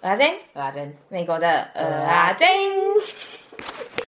ㄚ 蓁，ㄚ 蓁，美國的 ㄚ 蓁。乾杯。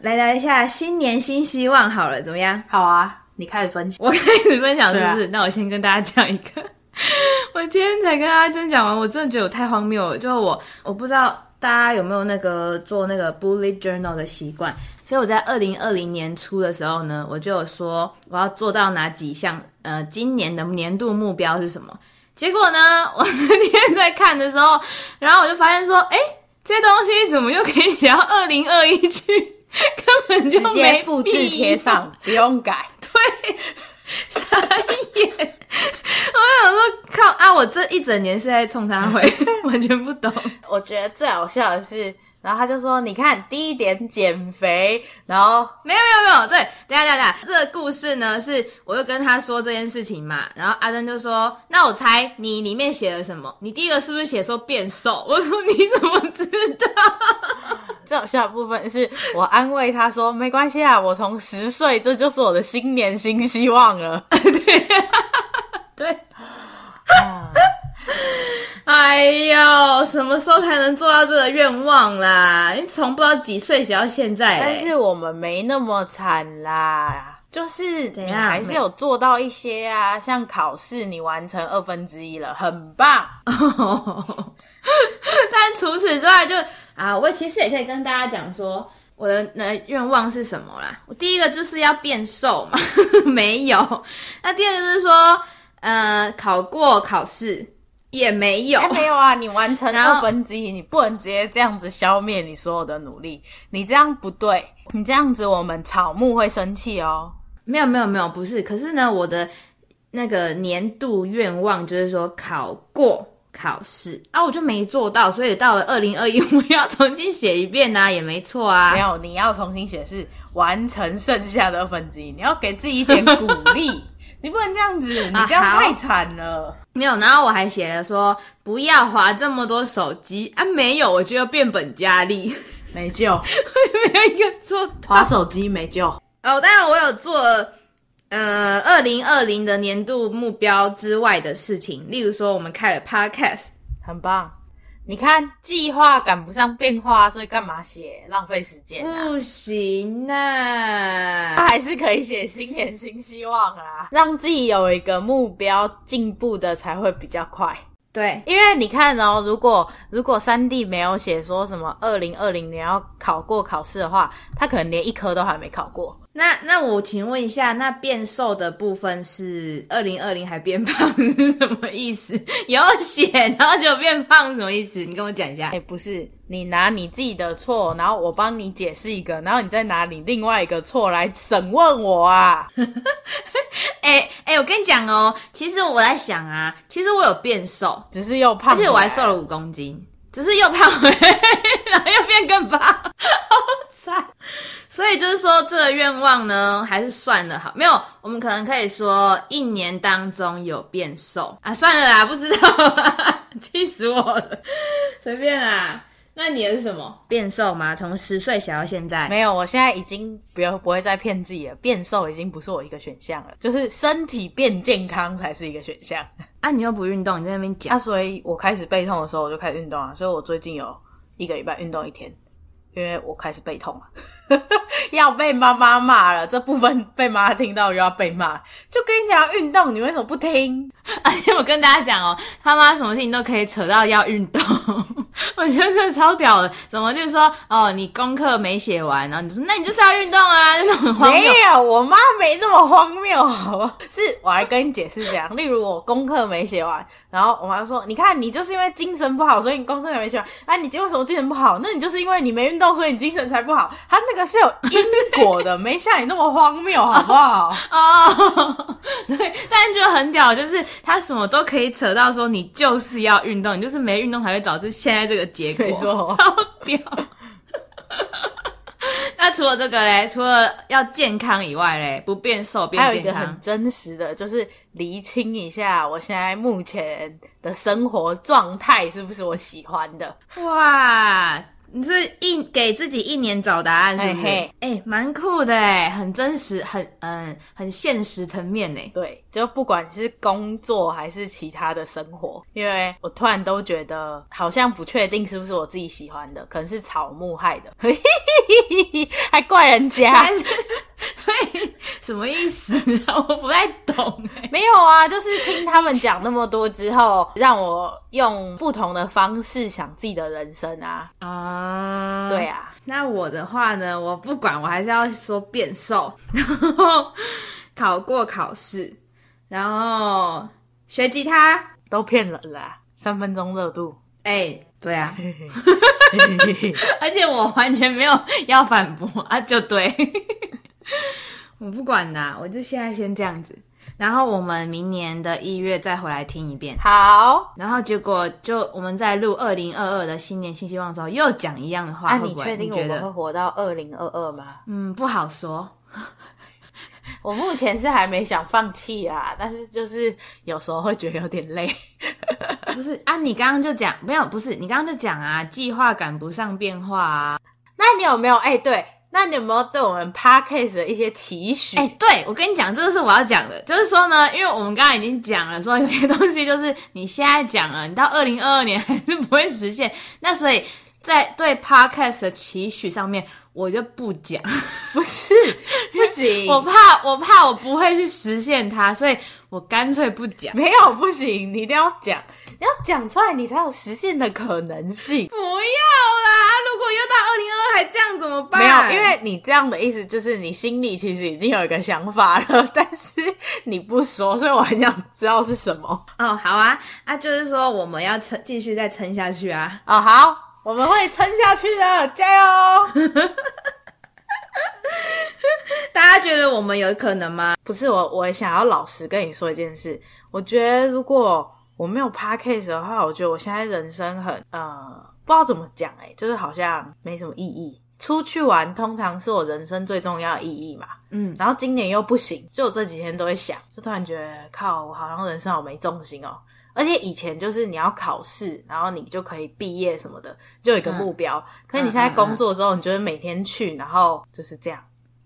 杯來聊一下新年新希望，好了，怎麼樣？好啊，你開始分享，我開始分享是不是？啊、那我先跟大家講一個， 我今天才跟 ㄚ 蓁講完，我真的覺得我太荒謬了，就我，我不知道。大家有沒有那個做那個 bullet journal 的習慣？所以我在二零二零年初的時候呢，我就有說我要做到哪幾項，呃，今年的年度目標是什麼？結果呢，我那天在看的時候，然後我就發現說，哎、欸，這些東西怎麼又可以寫到二零二一去？根本就沒。直接複製貼上， 不用改。對。傻眼， 我想說，靠啊！我這一整年是在衝他回， 完全不懂。我覺得最好笑的是。然後他就說：“你看，第一點減肥。”然後沒有沒有沒有，對，等下等下，這個故事呢是我就跟他說這件事情嘛。然後 ㄚ 蓁就說：“那我猜你裡面寫了什麼？你第一個是不是寫說變瘦？”我說：“你怎麼知道？”最好笑的部分是我安慰他說：“ 沒關係啊，我從十歲這就是我的新年新希望了。 對啊”對，對、嗯，啊。哎呦，什麼時候才能做到這個願望啦？你從不知道幾歲寫到現在。但是我們沒那麼慘啦，就是你還是有做到一些啊，怎樣？像考試你完成二分之一了，很棒。 但除此之外就，就啊，我其實也可以跟大家講說，我的呃願望是什麼啦？我第一個就是要變瘦嘛，呵呵，沒有。那第二個就是說，呃，考過考試。也沒有、欸，沒有啊！你完成二分之一然後，你不能直接這樣子消滅你所有的努力，你這樣不對，你這樣子我們草木會生氣哦。沒、沒有沒有沒有，不是，可是呢，我的那個年度願望就是說考過考試啊，我就沒做到，所以到了二零二一，我要重新寫一遍啊，也沒錯啊。沒有，你要重新寫是完成剩下的二分之一，你要給自己一點鼓勵。 你不能這樣子，你這樣太慘了啊。沒有，然後我還寫了說不要滑這麼多手機啊！沒有，我覺得變本加厲，沒救， 沒有一個做。滑手機沒救哦，oh, 當然我有做了，呃，二零二零的年度目標之外的事情，例如說我們開了 podcast，很棒。你看，計劃趕不上變化，所以幹嘛寫？浪費時間啊！不行啊，他還是可以寫新年新希望啊，讓自己有一個目標，進步的才會比較快。對，因為你看喔，如果如果3蒂沒有寫說什麼二零二零年要考過考試的話，他可能連一科都還沒考過。那那我請問一下，那變瘦的部分是二零二零還變胖是什麼意思？有寫然後就變胖什麼意思？你跟我講一下。哎、欸，不是，你拿你自己的錯，然後我幫你解釋一個，然後你再拿你另外一個錯來審問我啊。哎哎、 欸欸，我跟你講哦，其實我在想啊，其實我有變瘦，只是又胖，而且我還瘦了五公斤。只是又胖回，然後又變更胖，好慘。所以就是說，這個願望呢，還是算了好。沒有，我們可能可以說一年當中有變瘦啊，算了啦，不知道，氣死我了，隨便啦。那你也是什麼變瘦嗎？從十歲想到現在。沒有，我現在已經不要不會再騙自己了，變瘦已經不是我一個選項了，就是身體變健康才是一個選項啊！你又不運動，你在那邊講啊？所以我開始背痛的時候，我就開始運動啊，所以我最近有一個禮拜運動一天，因為我開始背痛了， 要被媽媽罵了，這部分被媽媽聽到又要被罵，就跟你講運動，你為什麼不聽？啊、而且我跟大家講哦，他媽什麼事情都可以扯到要運動。我覺得這超屌的，怎麼就是說哦，你功課沒寫完，然後你說、就是、那你就是要運動啊，就很荒謬。沒有，我媽沒那麼荒謬， 好不好？是我來跟你解釋這樣，例如我功課沒寫完，然後我媽說，你看你就是因為精神不好，所以你功課也沒寫完。啊，你為什麼精神不好？那你就是因為你沒運動，所以你精神才不好。她那個是有因果的， 沒像你那麼荒謬，好不好？啊，oh, oh, oh, oh, oh, oh, 對，但覺得很屌，就是她什麼都可以扯到說，你就是要運動，你就是沒運動才會導致現在。這個結果說超屌！ 那除了這個呢？除了要健康以外呢？不變瘦變健康。還有一個很真實的就是釐清一下，我現在目前的生活狀態是不是我喜歡的？哇！你是，是一給自己一年找答案是，是，是嘿，嘿，是、欸？蠻酷的哎、欸，很真實，很嗯、呃，很現實層面哎、欸。對，就不管是工作還是其他的生活，因為我突然都覺得好像不確定是不是我自己喜歡的，可能是草木害的， 還怪人家。對，什麼意思？ 我不太懂、欸。哎，沒有啊，就是聽他們講那麼多之後，讓我用不同的方式想自己的人生啊。啊，uh, 對啊。那我的話呢？我不管，我還是要說變瘦，然後考過考試，然後學吉他，都騙人啦。三分鐘熱度。哎、欸，對啊。 而且我完全沒有要反駁啊，就對。 我不管啦、啊，我就現在先這樣子，然後我們明年的一月再回來聽一遍。好，然後結果就我們在錄二零二二的新年新希望的時候又講一樣的話，啊、會不會？你確定我們你覺得？我們會活到二零二二嗎？嗯，不好說。 我目前是還沒想放棄啊，但是就是有時候會覺得有點累。 不是啊，你剛剛就講，沒有，不是，你剛剛就講啊，計劃趕不上變化啊。那你有沒有？哎、欸，對。那你有沒有對我們 podcast 的一些期許？哎、欸，對，我跟你講，這個是我要講的，就是說呢，因為我們剛剛已經講了，說有些東西就是你現在講了，你到二零二二年還是不會實現。那所以在對 podcast 的期許上面，我就不講，不是 不行，我怕我怕我不會去實現它，所以我乾脆不講。沒有不行，你一定要講。你要講出來，你才有實現的可能性。不要啦！如果又到二零二二還這樣怎麼辦？沒有，因為你這樣的意思就是你心裡其實已經有一個想法了，但是你不說，所以我很想知道是什麼。哦，好啊，啊，就是說我們要撐，繼續再撐下去啊！哦，好，我們會撐下去的，加油！ 大家覺得我們有可能嗎？不是我，我想要老實跟你說一件事，我覺得如果。我沒有 podcast 的話，我覺得我現在人生很呃，不知道怎麼講哎、欸，就是好像沒什麼意義。出去玩通常是我人生最重要的意義嘛，嗯，然後今年又不行，就我這幾天都會想，就突然覺得靠，我好像人生好沒重心哦。而且以前就是你要考試，然後你就可以畢業什麼的，就有一個目標。嗯、可是你現在工作之後，嗯嗯嗯、你覺得每天去，然後就是這樣，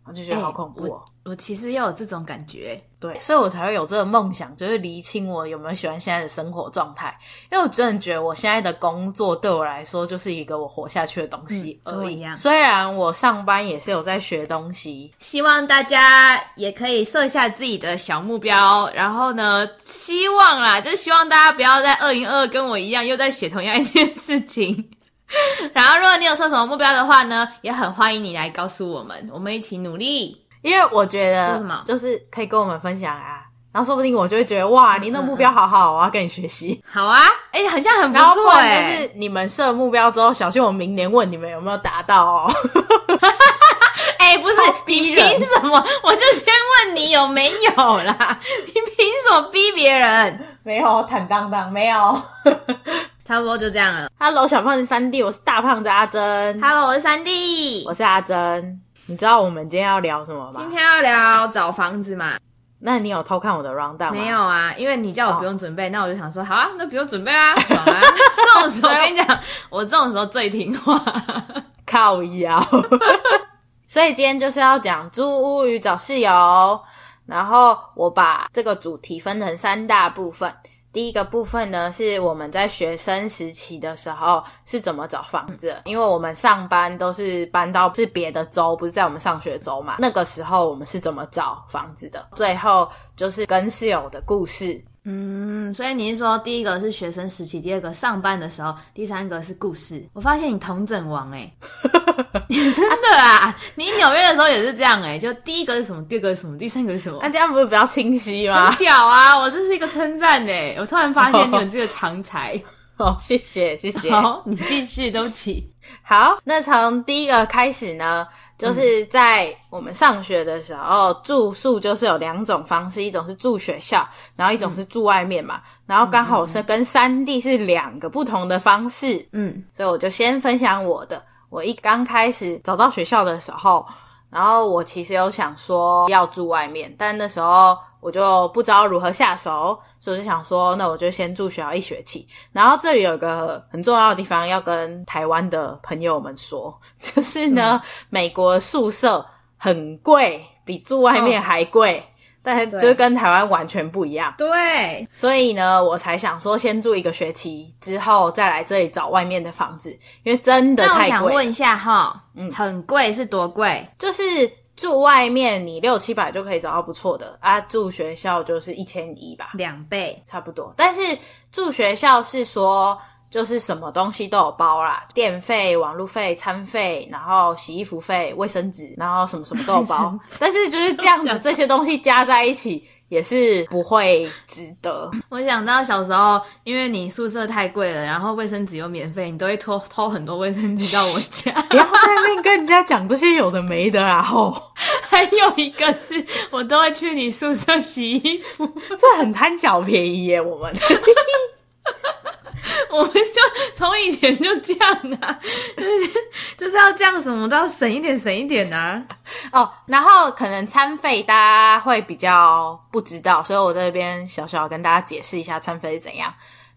我就覺得好恐怖、哦。欸我其實要有這種感覺，對，所以我才會有這個夢想，就是釐清我有沒有喜歡現在的生活狀態。因為我真的覺得我現在的工作對我來說就是一個我活下去的東西而已。嗯、對我一樣，雖然我上班也是有在學東西，嗯、希望大家也可以設下自己的小目標。然後呢，希望啦，就是希望大家不要在二零二二跟我一樣又在寫同樣一件事情。 然後，如果你有設什麼目標的話呢，也很歡迎你來告訴我們，我們一起努力。因為我覺得，就是可以跟我們分享啊，然後說不定我就會覺得，哇，你那目標好好，嗯嗯嗯，我要跟你學習。好啊，哎、欸，好像很不錯、欸、不就是你們設目標之後，小心我明年問你們有沒有達到哦。哎、 欸，不是，逼人你憑什麼？我就先問你有沒有啦，你憑什麼逼別人？沒有，坦蕩蕩，沒有。 差不多就這樣了。Hello，小胖子3蒂，我是大胖子 ㄚ 蓁。Hello，我是3蒂，我是 ㄚ 蓁。你知道我們今天要聊什麼嗎？今天要聊找房子嘛。那你有偷看我的 rundown 嗎？沒有啊，因為你叫我不用準備，哦、那我就想說，好啊，那不用準備啊 爽啊，這種時候跟你講， 我這種時候最聽話，靠腰謠。 所以今天就是要講租屋與找室友，然後我把這個主題分成三大部分。第一個部分呢，是我們在學生時期的時候是怎麼找房子的，因為我們上班都是搬到是別的州，不是在我們上學州嘛。那個時候我們是怎麼找房子的？最後就是跟室友的故事。嗯，所以你是說，第一個是學生時期，第二個上班的時候，第三個是故事。我發現你統整王。哎、欸， 真的啊！啊你紐約的時候也是這樣哎、欸，就第一個是什麼，第二個是什麼，第三個是什麼？那、啊、這樣不會比較清晰嗎？很屌啊！我這是一個稱讚哎，我突然發現你們這個長才好。哦哦，謝謝謝謝，好，你繼續都起好，那從第一個開始呢？就是在我們上學的時候，住宿就是有兩種方式，一種是住學校，然後一種是住外面嘛。然後剛好是跟3蒂是兩個不同的方式，嗯，嗯，嗯，所以我就先分享我的。我一剛開始找到學校的時候。然後我其實有想說要住外面，但那時候我就不知道如何下手，所以我就想說那我就先住學校一學期。然後這裡有一個很重要的地方要跟台灣的朋友們說，就是呢，嗯、美國宿舍很貴，比住外面還貴。哦。但就是跟台灣完全不一樣，對，對，所以呢，我才想說先住一個學期，之後再來這裡找外面的房子，因為真的太貴。那我想問一下哈、哦，嗯，很貴是多貴？就是住外面，你六七百就可以找到不錯的啊，住學校就是一千一吧，兩倍差不多。但是住學校是說。就是什麼東西都有包啦，電費、網路費、餐費，然後洗衣服費、衛生紙，然後什麼什麼都有包。但是就是這樣的這些東西加在一起也是不會值得。我想到小時候，因為你宿舍太貴了，然後衛生紙又免費，你都會偷偷很多衛生紙到我家，然 要、欸、在面跟人家講這些有的沒的。然後還有一個是，我都會去你宿舍洗衣服， 這很貪小便宜耶，我們。 我們就從以前就這樣啊，就是就是要這樣，什麼都要省一點，省一點呐、啊。 哦，然後可能餐費大家會比較不知道，所以我這邊小小跟大家解釋一下餐費是怎樣，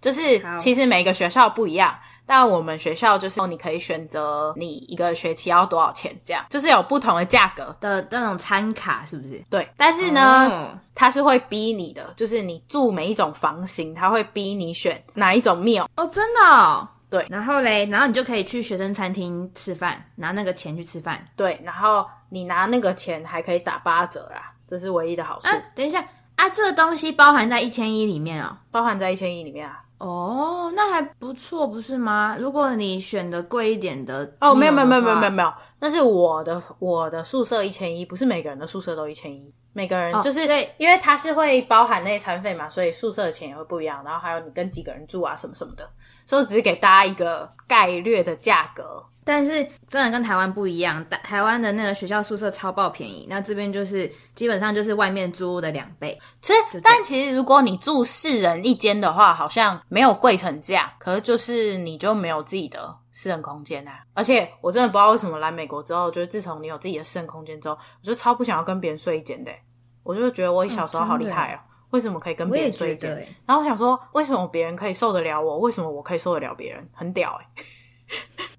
就是其實每個學校不一樣。好嗯但我們學校就是你可以選擇你一個學期要多少錢，這樣就是有不同的價格的那種餐卡，是不是？對，但是呢，哦、它是會逼你的，就是你住每一種房型，他會逼你選哪一種 meal。哦，真的哦？對。然後嘞，然後你就可以去學生餐廳吃飯，拿那個錢去吃飯。對，然後你拿那個錢還可以打八折啦，這是唯一的好處。啊，等一下啊，這個東西包含在一千一裡面啊，包含在一千一裡面啊。哦，那還不錯，不是嗎？如果你選的貴一點的，的，哦，沒有沒有沒有沒有沒有，但那是我的我的宿舍一千一，不是每個人的宿舍都一千一，每個人就是、哦、因為他是會包含那些餐費嘛，所以宿舍的錢也會不一樣。然後還有你跟幾個人住啊，什麼什麼的，所以只是給大家一個概略的價格。但是真的跟台灣不一樣，台灣的那個學校宿舍超爆便宜，那這邊就是基本上就是外面租屋的兩倍。其實，但其實如果你住四人一間的話，好像沒有貴成這樣，可是就是你就沒有自己的私人空間啊。而且我真的不知道為什麼來美國之後，就是自從你有自己的私人空間之後，我就超不想要跟別人睡一間的、欸。我就覺得我小時候好厲害啊、喔，哦、為什麼可以跟別人睡一間？然後我想說，為什麼別人可以受得了我，為什麼我可以受得了別人？很屌哎、欸。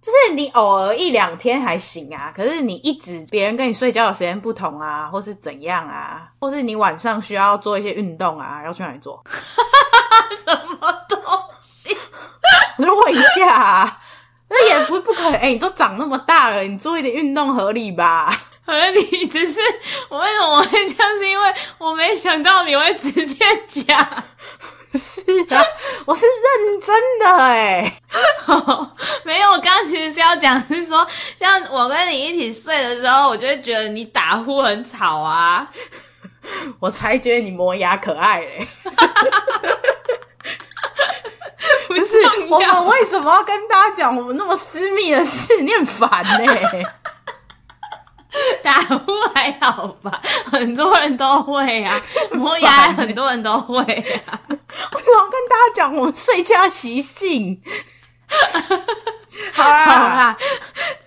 就是你偶爾一兩天還行啊，可是你一直別人跟你睡覺的時間不同啊，或是怎樣啊，或是你晚上需要做一些運動啊，要去哪裡做？ 什麼東西？我就問一下啊，那 也不不可能，欸，你都長那麼大了，你做一點運動合理吧？合理，只是我為什麼我會這樣？是因為我沒想到你會直接講。是啊，我是認真的哎，、欸哦，沒有，我剛剛其實是要講，是說像我跟你一起睡的時候，我就會覺得你打呼很吵啊， 我才覺得你磨牙可愛嘞、欸。不、啊、 是，我們為什麼要跟大家講我們那麼私密的事？你很煩呢。打呼還好吧，很多人都會啊，磨牙很多人都會啊。 我怎麼跟大家講我睡覺習性？好啊。好啊，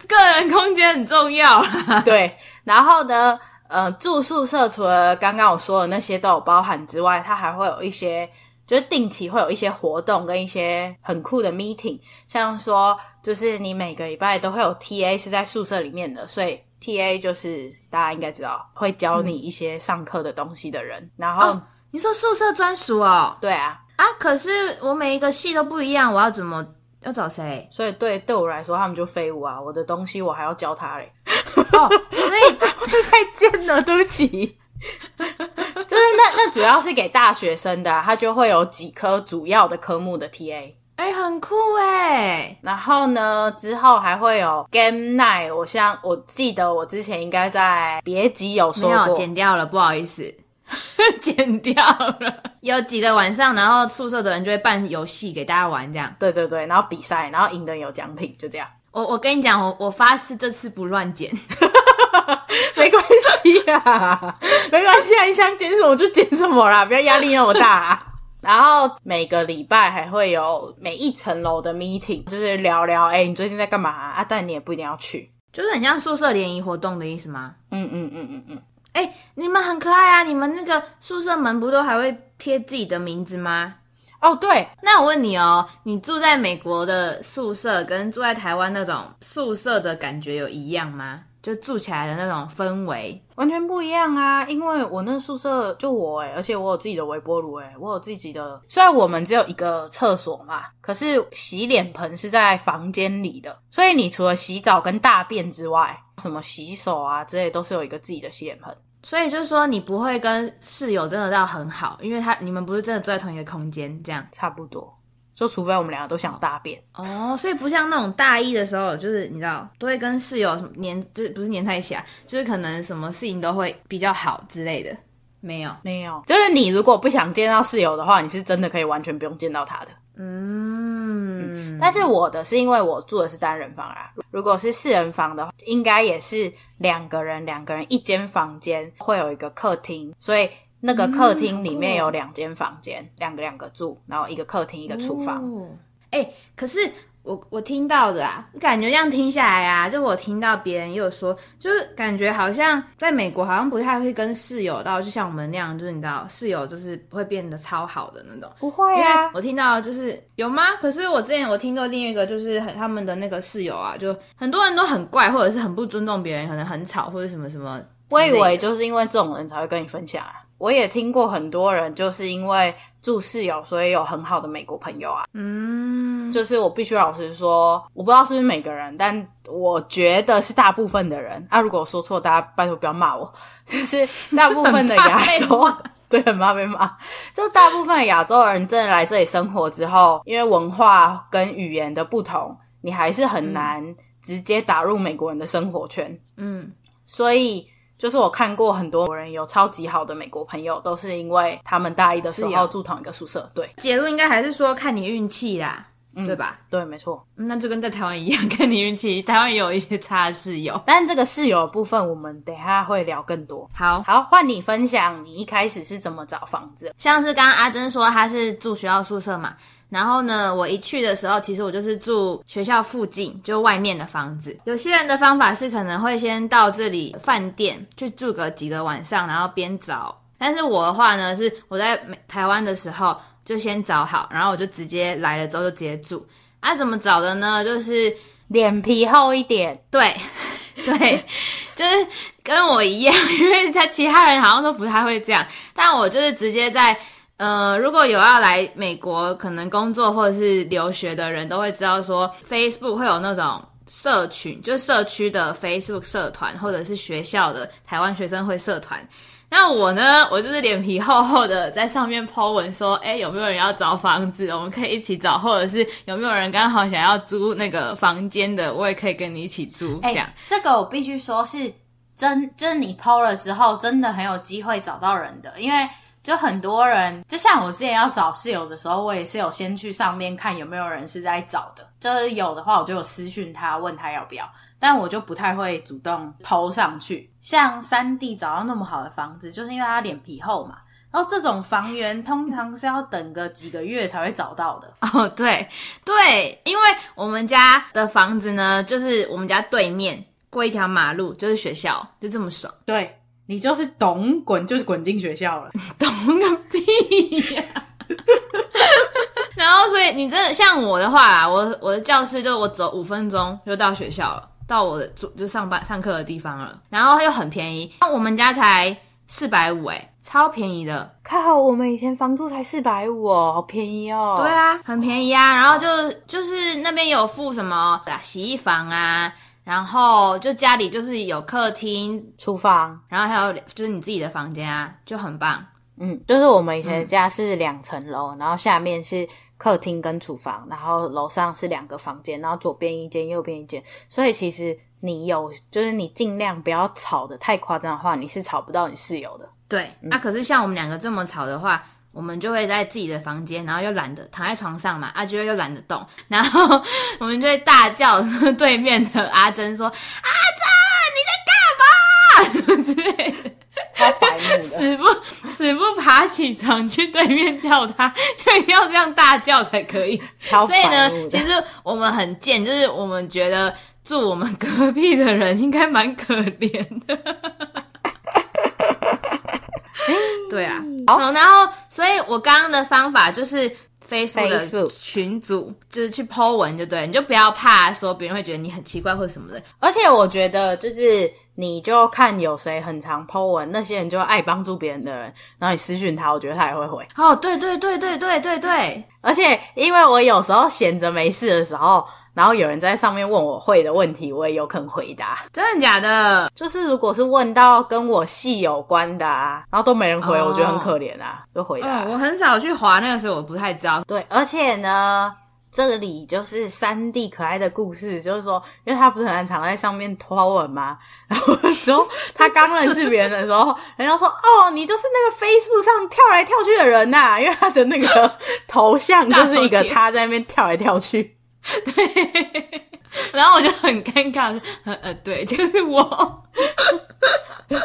個人空間很重要。 對，然後呢，呃，住宿舍除了剛剛我說的那些都有包含之外，它還會有一些，就是定期會有一些活動跟一些很酷的 meeting，像說就是你每個禮拜都會有 TA 是在宿舍裡面的，所以 TA 就是大家應該知道會教你一些上課的東西的人，嗯、然後。哦你說宿舍專屬哦？對啊，啊！可是我每一個系都不一樣，我要怎麼要找誰？所以對，對對我來說，他們就廢物啊！我的東西我還要教他嘞、 哦。所以 我就太賤了，對不起。就是那那主要是給大學生的，他就會有幾科主要的科目的 TA。哎、欸，很酷哎、欸！然後呢，之後還會有 Game Night。我像我記得我之前應該在別集，有說過沒有，剪掉了，不好意思。 剪掉了，有幾個晚上，然後宿舍的人就會辦遊戲給大家玩，這樣。對對對，然後比賽，然後贏的人有獎品，就這樣。我我跟你講，我我發誓這次不亂剪， 沒關係啊， 沒關係啊，你想剪什麼就剪什麼啦，不要壓力那麼大啊。 然後每個禮拜還會有每一層樓的 meeting，就是聊聊，哎、欸，你最近在幹嘛啊？啊，但你也不一定要去，就是很像宿舍聯誼活動的意思嗎？嗯嗯嗯嗯嗯。嗯嗯嗯哎、欸，你們很可愛啊！你們那個宿舍門不都還會貼自己的名字嗎？哦，oh, 對，那我問你哦、喔，你住在美國的宿舍跟住在台灣那種宿舍的感覺有一樣嗎？就住起來的那種氛圍完全不一樣啊！因為我那宿舍就我誒，而且我有自己的微波爐誒，我有自己的。雖然我們只有一個廁所嘛，可是洗臉盆是在房間裡的，所以你除了洗澡跟大便之外，什麼洗手啊之類都是有一個自己的洗臉盆。所以就是說你不會跟室友真的到很好，因為他你們不是真的住在同一個空間，這樣差不多。說，就除非我們兩個都想大便哦，oh. Oh, 所以不像那種大一的時候，就是你知道，都會跟室友什麼黏，就是不是黏在一起啊，就是可能什麼事情都會比較好之類的。沒有，沒有，就是你如果不想見到室友的話，你是真的可以完全不用見到他的。Mm. 嗯，但是我的是因為我住的是單人房啊，如果是四人房的話，應該也是兩個人兩個人一間房間，會有一個客廳，所以。那個客廳裡面有兩間房間，兩、嗯、個兩個住，然後一個客廳，一個廚房。嗯、哦。哎、欸，可是我我聽到的啊，感覺這樣聽下來啊，就我聽到別人也有說，就是感覺好像在美國好像不太會跟室友到，就像我們那樣，就是你知道，室友就是不會變得超好的那種，不會呀、啊。因為我聽到就是有嗎？可是我之前我聽到另一個就是他們的那個室友啊，就很多人都很怪，或者是很不尊重別人，可能很吵或者什麼什麼。我以為就是因為這種人才會跟你分享。啊。我也聽過很多人就是因為住室友，所以有很好的美國朋友啊。嗯，就是我必須老實說，我不知道是不是每個人，但我覺得是大部分的人啊。如果我說錯，大家拜托不要罵我。就是大部分的亞洲，對，很怕被罵，就大部分的亞洲人真的來這裡生活之後，因為文化跟語言的不同，你還是很難直接打入美國人的生活圈。嗯，所以。就是我看過很多人有超級好的美國朋友，都是因為他們大一的時候要有住同一個宿舍。對，結論應該還是說看你運氣啦，嗯、對吧？對，沒錯。那就跟在台灣一樣，看你運氣。台灣也有一些差室友，但這個室友的部分，我們等下會聊更多。好，好換你分享，你一開始是怎麼找房子？像是剛剛 ㄚ 蓁說，她是住學校宿舍嘛。然後呢，我一去的時候，其實我就是住學校附近，就外面的房子。有些人的方法是可能會先到這裡飯店去住個幾個晚上，然後邊找。但是我的話呢，是我在台灣的時候就先找好，然後我就直接來了之後就直接住。啊，怎麼找的呢？就是臉皮厚一點，對，對，就是跟我一樣，因為他其他人好像都不太會這樣，但我就是直接在。呃，如果有要來美國可能工作或者是留學的人，都會知道說，Facebook 會有那種社群，就是社區的 Facebook 社團，或者是學校的台灣學生會社團。那我呢，我就是臉皮厚厚的在上面 po 文說，哎、欸，有沒有人要找房子？我們可以一起找，或者是有沒有人剛好想要租那個房間的，我也可以跟你一起租這樣、欸。這個我必須說是真，就是你 po 了之後，真的很有機會找到人的，因為。就很多人，就像我之前要找室友的時候，我也是有先去上面看有沒有人是在找的。就是有的話，我就有私訊他，問他要不要。但我就不太會主動 po 上去。像3蒂找到那麼好的房子，就是因為他臉皮厚嘛。然後這種房源通常是要等個幾個月才會找到的。哦，oh，對對，因為我們家的房子呢，就是我們家對面，過一條馬路，就是學校，就這麼爽。對。你就是懂滾，就是滾進學校了，懂個屁呀！然後，所以你這像我的話啦，我我的教室就我走五分鐘就到學校了，到我的住就上班就上課的地方了。然後又很便宜，那我們家才四百五，誒超便宜的。看好，我們以前房租才四百五哦，好便宜哦。對啊，很便宜啊。然後就就是那邊有附什麼洗衣房啊。然後就家裡就是有客廳、廚房，然後還有就是你自己的房間啊，就很棒。嗯，就是我們以前家是兩層樓，嗯、然後下面是客廳跟廚房，然後樓上是兩個房間，然後左邊一間，右邊一間。所以其實你有，就是你盡量不要吵得太誇張的話，你是吵不到你室友的。對，那、嗯啊、可是像我們兩個這麼吵的話。我們就會在自己的房間，然後又懶得躺在床上嘛，阿、啊、娟又懶得動，然後我們就會大叫對面的阿珍說：“ 阿珍，你在幹嘛？”死不死不爬起床去對面叫他，就一定要這樣大叫才可以。所以呢，其實我們很賤，就是我們覺得住我們隔壁的人應該蠻可憐的。 對啊，好好然後所以我剛剛的方法就是 Facebook 群組，Facebook 就是去 po 文，就對，你就不要怕說別人會覺得你很奇怪或者什麼的。而且我覺得就是，你就看有誰很常 po 文，那些人就愛幫助別人的人，然後你私訊他，我覺得他也會回。哦，對對對對對對對，而且因為我有時候閒着沒事的時候。然後有人在上面問我會的問題，我也有肯回答。真的假的？就是如果是問到跟我系有關的、啊，然後都沒人回，哦、我覺得很可憐啊。就回答。哦、我很少去滑，那個時候我不太知道。對，而且呢，這裡就是三 D 可愛的故事，就是說，因為他不是常常在上面拖吻嗎？然後後他剛認識別人的時候， 人家說：“哦，你就是那個 Facebook 上跳來跳去的人吶、啊！”因為他的那個頭像就是一個他在那邊跳來跳去。 對，然後我就很尷尬，很、嗯、呃，對，就是我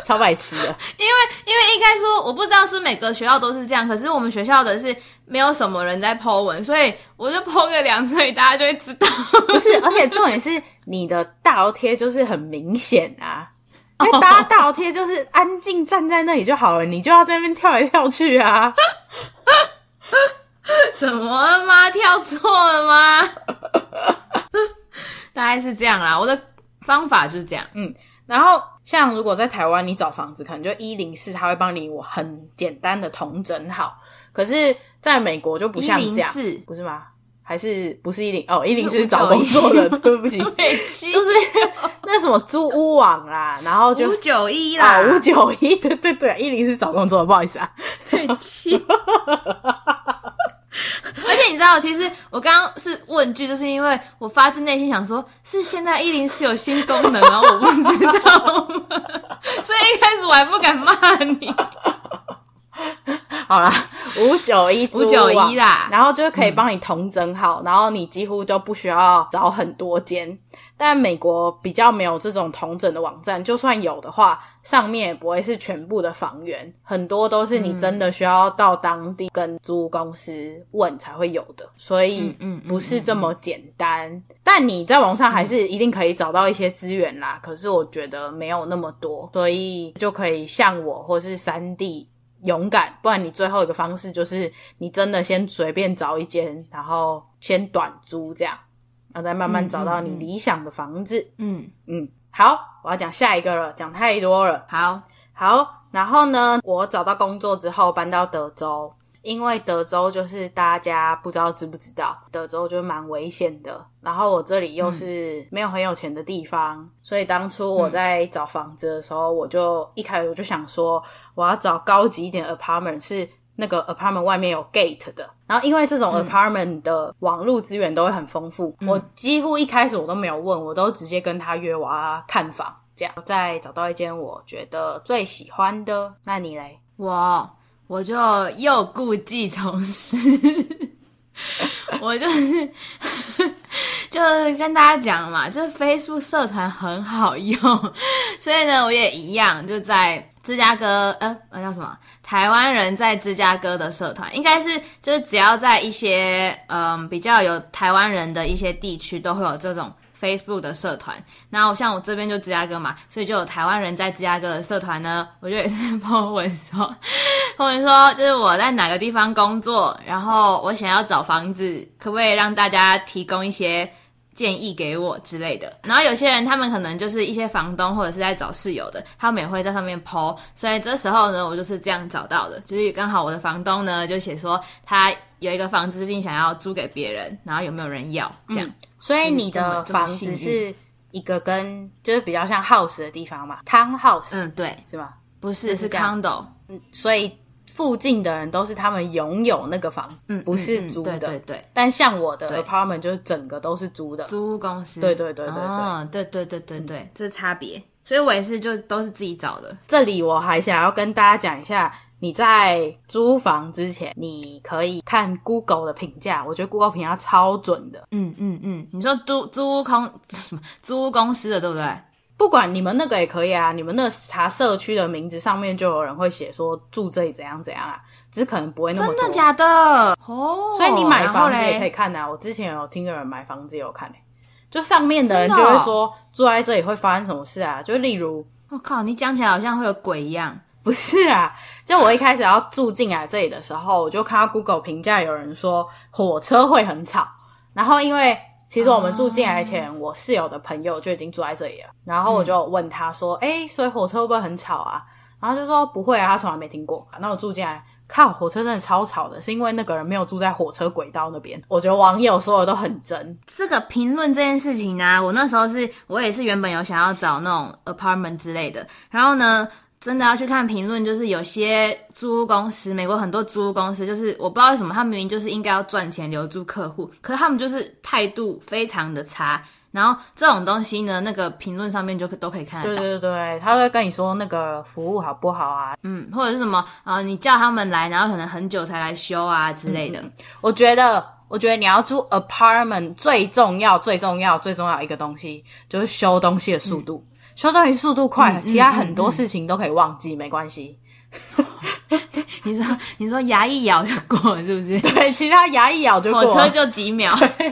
超白痴的， 因為因為一開始，我不知道是，不是每個學校都是這樣，可是我們學校的是沒有什麼人在 po 文，所以我就 po 個兩次，所以大家就會知道。 不是，而且重點是你的大頭貼就是很明顯啊，大家大頭貼就是安靜站在那裡就好了，你就要在那邊跳來跳去啊。 怎麼了嗎？跳錯了嗎？ 大概是這樣啦。我的方法就是這樣。嗯，然後像如果在台灣你找房子，可能就一零四，他會幫你我很簡單的統整好。可是在美國就不像這樣，不是嗎？還是不是一零哦？一零四是找工作的，對不起， 氣就是那什麼租屋網啦、啊，然後就五九一啦，五九一對對對，一零四是找工作的，不好意思啊，對不起。 而且你知道，其實我剛剛是問句，就是因為我發自內心想說，是現在一零四有新功能，然後我不知道， 所以一開始我還不敢罵你。 好啦，五九一五九一啦，然後就可以幫你統整。好，嗯、然後你幾乎都不需要找很多間。但美國比較沒有這種統整的網站，就算有的話。上面也不會是全部的房源，很多都是你真的需要到當地跟租公司問才會有的，所以嗯，不是這麼簡單。嗯嗯嗯嗯嗯、但你在網上還是一定可以找到一些資源啦。嗯、可是我覺得沒有那麼多，所以就可以像我或是3蒂勇敢，不然你最後一個方式就是你真的先隨便找一間，然後先短租這樣，然後再慢慢找到你理想的房子。嗯嗯，嗯，嗯，好。我要講下一個了，講太多了。好好，然後呢，我找到工作之後搬到德州，因為德州就是大家不知道知不知道，德州就是蠻危險的。然後我這裡又是沒有很有錢的地方，嗯、所以當初我在找房子的時候，嗯、我就一開始我就想說，我要找高級一點的 apartment 是。那個 apartment 外面有 gate 的，然後因為這種 apartment 的網路資源都會很豐富，嗯、我幾乎一開始我都沒有問，我都直接跟他約我看房，這樣再找到一間我覺得最喜歡的。那你嘞？我我就又故技重施， 我就是就是跟大家講嘛，就是 Facebook 社團很好用，所以呢，我也一樣就在。芝加哥，呃那，呃、叫什麼？台灣人在芝加哥的社團，應該是就是只要在一些，嗯，比較有台灣人的一些地區，都會有這種 Facebook 的社團。那我像我這邊就芝加哥嘛，所以就有台灣人在芝加哥的社團呢。我就也是發文說，發文說就是我在哪個地方工作，然後我想要找房子，可不可以讓大家提供一些？建議給我之類的，然後有些人他們可能就是一些房東或者是在找室友的，他們也會在上面 po。所以這時候呢，我就是這樣找到的，就是剛好我的房東呢就寫說他有一個房子，最近想要租給別人，然後有沒有人要這樣、嗯。所以你的房子是一個跟就是比較像 house 的地方嘛，town house。嗯，對，是嗎？不是，是 condo。是 cond 嗯，所以。附近的人都是他們擁有那個房，嗯，不是租的。嗯嗯嗯，對對對。但像我的 apartment 對就是整個都是租的。租屋公司。對對，對對對對。嗯，哦，對對對對對，嗯，這是差別。所以我也是就都是自己找的。這裡我還想要跟大家講一下，你在租房之前，你可以看 Google 的評價，我覺得 Google 評價超準的。嗯嗯嗯。你說租租屋空什麼？租屋公司的對不對？不管你們那個也可以啊，你們那查社區的名字，上面就有人會寫說住這裡怎樣怎樣啊，只是可能不會那麼多。真的假的？哦、oh,，所以你買房子也可以看啊。我之前有聽有人買房子也有看嘞、欸，就上面的人就會說住在這裡會發生什麼事啊？就例如，我、哦哦、靠，你講起來好像會有鬼一樣。不是啊，就我一開始要住進來這裡的時候，我 就看到 Google 評價有人說火車會很吵，然後因為。其實我們住進來前，oh. 我室友的朋友就已經住在這裡了。然後我就問他說：“哎、嗯、欸，所以火車會不會很吵啊？”然後他就說：“不會啊，他從來沒聽過。”那我住進來，靠，火車真的超吵的，是因為那個人沒有住在火車軌道那邊。我覺得網友說的都很真。這個評論這件事情呢、啊，我那時候是我也是原本有想要找那種 apartment 之類的，然後呢。真的要去看評論，就是有些租屋公司，美國很多租屋公司，就是我不知道為什麼，他們明明就是應該要賺錢留住客戶，可是他們就是態度非常的差。然後這種東西呢，那個評論上面就可都可以看。對對對，他會跟你說那個服務好不好啊？嗯，或者是什麼啊？你叫他們來，然後可能很久才來修啊之類的。嗯、我覺得，我覺得你要租 apartment 最重要、最重要、最重要一個東西就是修東西的速度。嗯說到於速度快，嗯嗯、其他很多事情都可以忘記，嗯嗯嗯、沒關係。你說，你說牙一咬就過了，是不是？對，其他牙一咬就過了，火車就幾秒。對。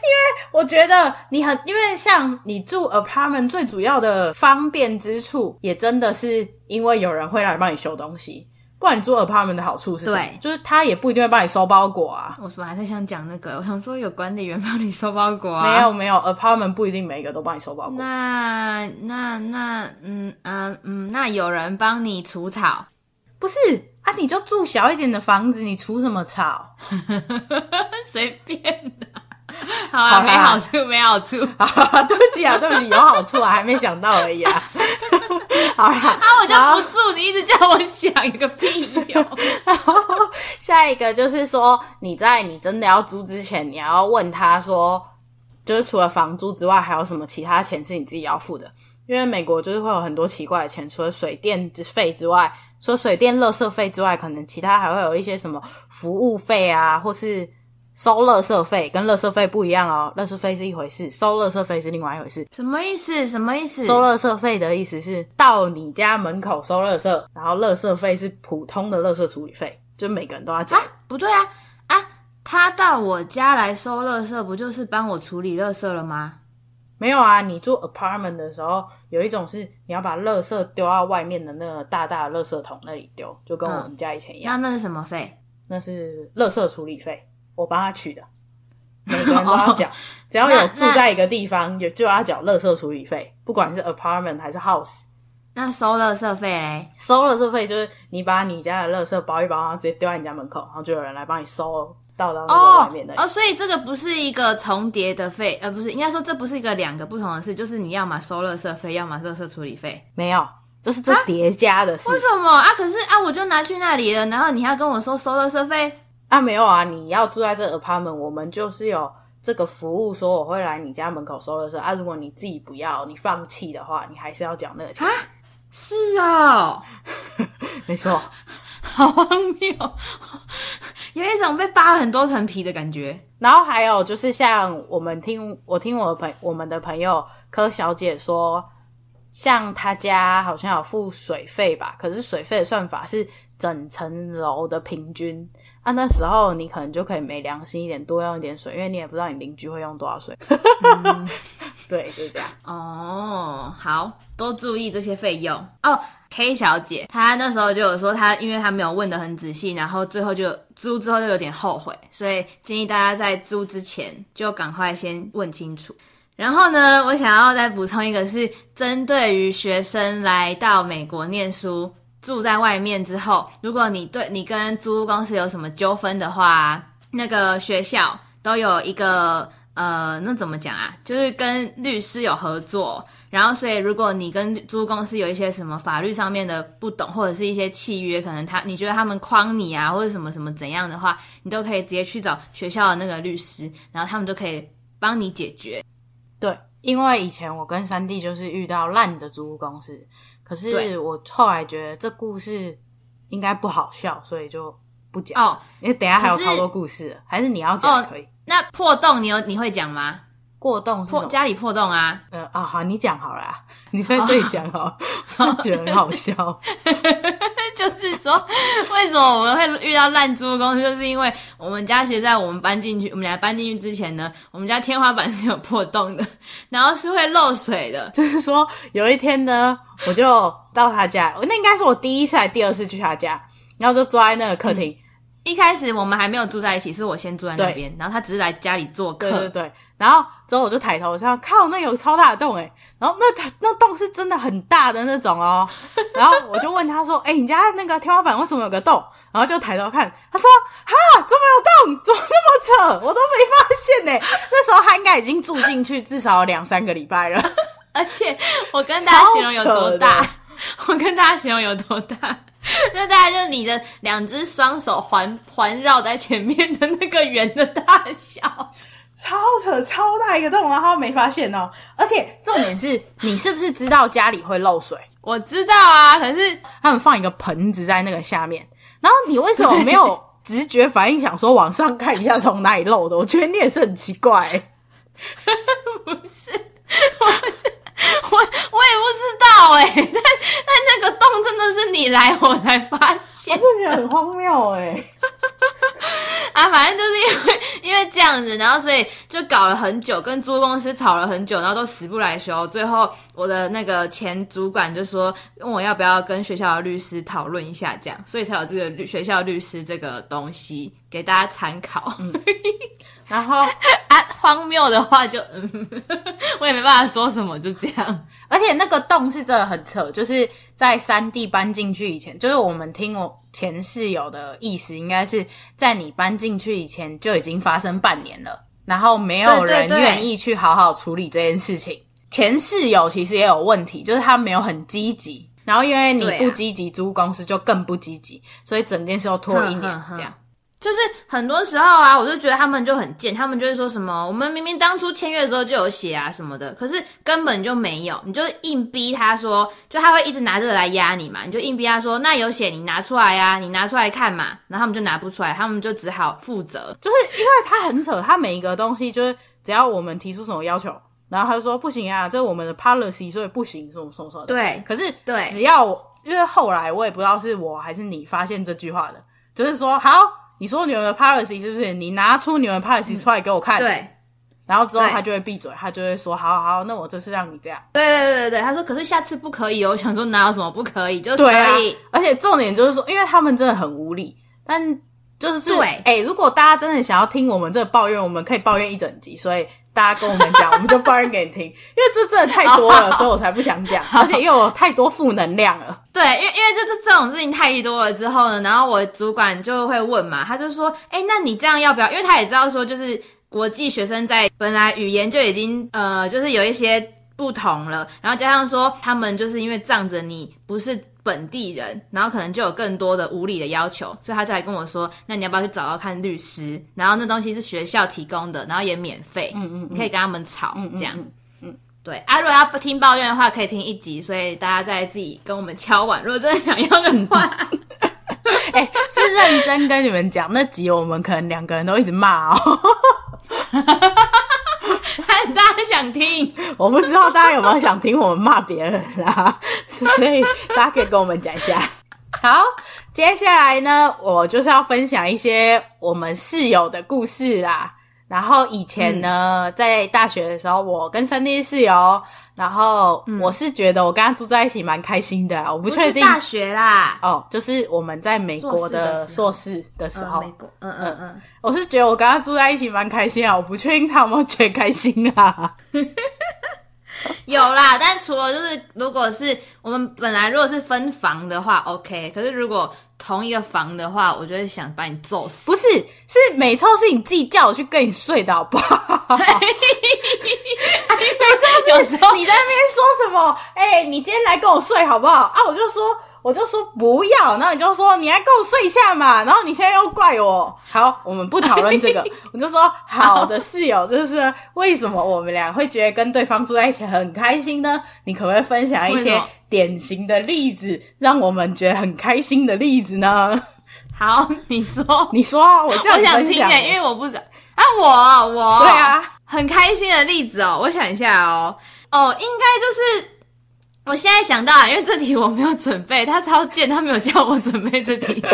因為我覺得你很，因為像你住 apartment 最主要的方便之處，也真的是因為有人會來幫你修東西。不然你住 apartment 的好處是什麼？對，就是他也不一定會幫你收包裹啊。我本來在想講那個，我想說有管理員幫你收包裹啊。沒有沒有，apartment 不一定每一個都幫你收包裹。那那那，嗯嗯、呃、嗯，那有人幫你除草？不是啊，你就住小一點的房子，你除什麼草？隨 便。好啦，好啦沒好處，好啦沒好處好啦。對不起啊，對不起，有好處，啊， 還沒想到而已啊。 好啦，那我就不住，好你一直叫我想一個屁喲。然後，下一個就是說，你在你真的要租之前，你要問他說，就是除了房租之外，還有什麼其他錢是你自己要付的？因為美國就是會有很多奇怪的錢，除了水電費之外，說水電垃圾費之外，可能其他還會有一些什麼服務費啊，或是。收垃圾費跟垃圾費不一樣哦，垃圾費是一回事，收垃圾費是另外一回事。什麼意思？什麼意思？收垃圾費的意思是到你家門口收垃圾，然後垃圾費是普通的垃圾處理費，就每個人都要交。啊，不對啊，啊，他到我家來收垃圾，不就是幫我處理垃圾了嗎？沒有啊，你住 apartment 的時候，有一種是你要把垃圾丟到外面的那個大大的垃圾桶那裡丟，就跟我們家以前一樣。那那是什麼費？那是垃圾處理費。我幫他取的，每個人都要 只要有住在一個地方，有 那就要繳垃圾處理費，不管是 apartment 還是 house，那收垃圾費呢？收垃圾費就是你把你家的垃圾包一包，然後直接丟在你家門口，然後就有人來幫你收，倒到你家裡面的。哦、呃，所以這個不是一個重疊的費，呃，不是，應該說這不是一個兩個不同的事，就是你要麼收垃圾費，要麼垃圾處理費，沒有，這、就是這疊加的事。啊、為什麼啊？可是啊，我就拿去那裡了，然後你還要跟我說收垃圾費？啊，沒有啊！你要住在這 apartment，我們就是有這個服務，說我會來你家門口收的時候啊。如果你自己不要，你放棄的話，你還是要繳那個錢啊。是啊， 沒錯錯，好荒謬、喔， 有一種被扒了很多層皮的感覺。然後還有就是，像我們聽我聽我朋我們的朋友柯小姐說，像她家好像有付水費吧，可是水費的算法是整層樓的平均。啊，那時候你可能就可以沒良心一點，多用一點水，因為你也不知道你鄰居會用多少水。 嗯、對，就是這樣。哦，oh, 好，多注意這些費用哦。Oh, K 小姐她那時候就有說，她因為她沒有問得很仔細，然後最後就租之後就有點後悔，所以建議大家在租之前就趕快先問清楚。然後呢，我想要再補充一個是，是針對於學生來到美國念書。住在外面之後，如果你對你跟租屋公司有什麼糾紛的話，那個學校都有一個呃，那怎麼講啊？就是跟律師有合作，然後所以如果你跟租屋公司有一些什麼法律上面的不懂，或者是一些契約，可能他你覺得他們誆你啊，或者什麼什麼怎樣的話，你都可以直接去找學校的那個律師，然後他們都可以幫你解決。對，因為以前我跟3蒂就是遇到爛的租屋公司。可是我後來覺得這故事應該不好笑，所以就不講哦。因為等一下還有超多故事了，是還是你要講可以、哦。那破洞你有你會講嗎？破洞是家裡破洞啊，嗯、呃、啊，好，你講好了，你在這裡講好，我、oh. 覺得很好笑， 就是說為什麼我們會遇到爛豬公，就是因為我們家其實，在我們搬進去，我們倆搬進去之前呢，我們家天花板是有破洞的，然後是會漏水的，就是說有一天呢，我就到他家，那應該是我第一次來，第二次去他家，然後就抓在那個客廳，嗯，一開始我們還沒有住在一起，是我先住在那邊，對然後他只是來家裡做客，對，對對。然後之後我就抬頭，我說靠，那有超大的洞哎、欸！然後那那洞是真的很大的那種哦。然後我就問他說：“哎、欸，你家那個天花板為什麼有個洞？”然後就抬頭看，他說：“哈，怎麼有洞？怎麼那麼扯？我都沒發現呢、欸。”那時候他應該已經住進去至少兩三個禮拜了。而且我跟大家形容有多大，我跟大家形容有多大，那大家就你的兩只雙手環環繞在前面的那個圓的大小。超扯，超大一個洞，然後沒發現哦、喔。而且重點是你是不是知道家裡會漏水？我知道啊，可是他們放一個盆子在那個下面，然後你為什麼沒有直覺反應，對想說往上看一下從哪裡漏的？我覺得你也是很奇怪欸。 不是，我是。 我我也不知道哎、欸，但但那個洞真的是你來我才發現，我覺得很荒謬哎、欸。 啊，反正就是因為因為這樣子，然後所以就搞了很久，跟租公司吵了很久，然後都死不來修，最後我的那個前主管就說，問我要不要跟學校的律師討論一下，這樣，所以才有這個學校律師這個東西給大家參考。嗯、 然後。荒謬的話就，嗯，我也沒辦法說什麼，就這樣。而且那個洞是真的很扯，就是在3蒂搬進去以前，就是我們聽我前室友的意思，應該是在你搬進去以前就已經發生半年了，然後沒有人願意去好好處理這件事情。對對對，前室友其實也有問題，就是他沒有很積極，然後因為你不積極，租公司就更不積極，所以整件事都拖一年，啊，這樣。就是很多時候啊，我就覺得他們就很賤，他們就會說什麼“我們明明當初簽約的時候就有寫啊什麼的”，可是根本就沒有，你就硬逼他說，就他會一直拿這個來壓你嘛，你就硬逼他說“那有寫你拿出來呀，啊，你拿出來看嘛”，然後他們就拿不出來，他們就只好負責。就是因為他很扯，他每一個東西就是只要我們提出什麼要求，然後他就說“不行啊，這是我們的 policy，所以不行什麼什麼什麼”。對，可是對，只要因為後來我也不知道是我還是你發現這句話的，就是說好。你說你們的 policy 是不是？你拿出你們 policy 出來給我看。嗯、對。然後之後他就會閉嘴，對他就會說：“好好，好，那我這次讓你這樣。”對對對對對，他說：“可是下次不可以哦。”我想說哪有什麼不可以，就可以對、啊。而且重點就是說，因為他們真的很無理，但就是對。哎，如果大家真的想要聽我們這個抱怨，我們可以抱怨一整集，所以。 大家跟我們講，我們就抱怨給你聽，因為這真的太多了，好好所以我才不想講，好好而且因為我太多負能量了。對，因為因為這這這種事情太多了之後呢，然後我主管就會問嘛，他就說：“哎、欸，那你這樣要不要？”因為他也知道說，就是國際學生在本來語言就已經呃，就是有一些。不同了，然後加上說他們就是因為仗着你不是本地人，然後可能就有更多的無理的要求，所以他就來跟我說：“那你要不要去找找看律師？”然後那東西是學校提供的，然後也免費，嗯，嗯嗯，你可以跟他們吵、嗯嗯嗯、這樣，嗯，對。啊，如果要不聽抱怨的話，可以聽一集，所以大家再自己跟我們敲碗。如果真的想要的話，哎、嗯 欸，是認真跟你們講， 那集我們可能兩個人都一直罵哦。 大家很想聽？ 我不知道大家有沒有想聽我們罵別人啦， 所以大家可以跟我們講一下。好，接下來呢，我就是要分享一些我們室友的故事啦。然後以前呢，嗯、在大學的時候，我跟3蒂室友。然後，嗯，我是覺得我跟他住在一起蠻開心的，我不確定不是大學啦，哦，就是我們在美國的碩士的，碩士的時候，嗯，美國，嗯嗯嗯，嗯，我是覺得我跟他住在一起蠻開心啊，我不確定他有沒有覺得開心啊， 有啦，但除了就是，如果是我們本來如果是分房的話，OK，可是如果。同一個房的話，我就會想把你揍死。不是，是每次是你自己叫我去跟你睡的好不好？有時候 你在那邊說什麼？哎、欸，你今天來跟我睡好不好？啊，我就說。我就說不要，然後你就說你還夠睡下嘛，然後你現在又怪我。好，我們不討論這個。 我就說好的室友、喔、 就是呢，為什麼我們倆會覺得跟對方住在一起很開心呢？你可不可以分享一些典型的例子，讓我們覺得很開心的例子呢？好，你說，你說，我我想聽一下，因為我不知啊，我我對啊，很開心的例子哦，我想一下哦哦，應該就是。我現在想到啊，因為這題我沒有準備，他超賤，他沒有叫我準備這題，就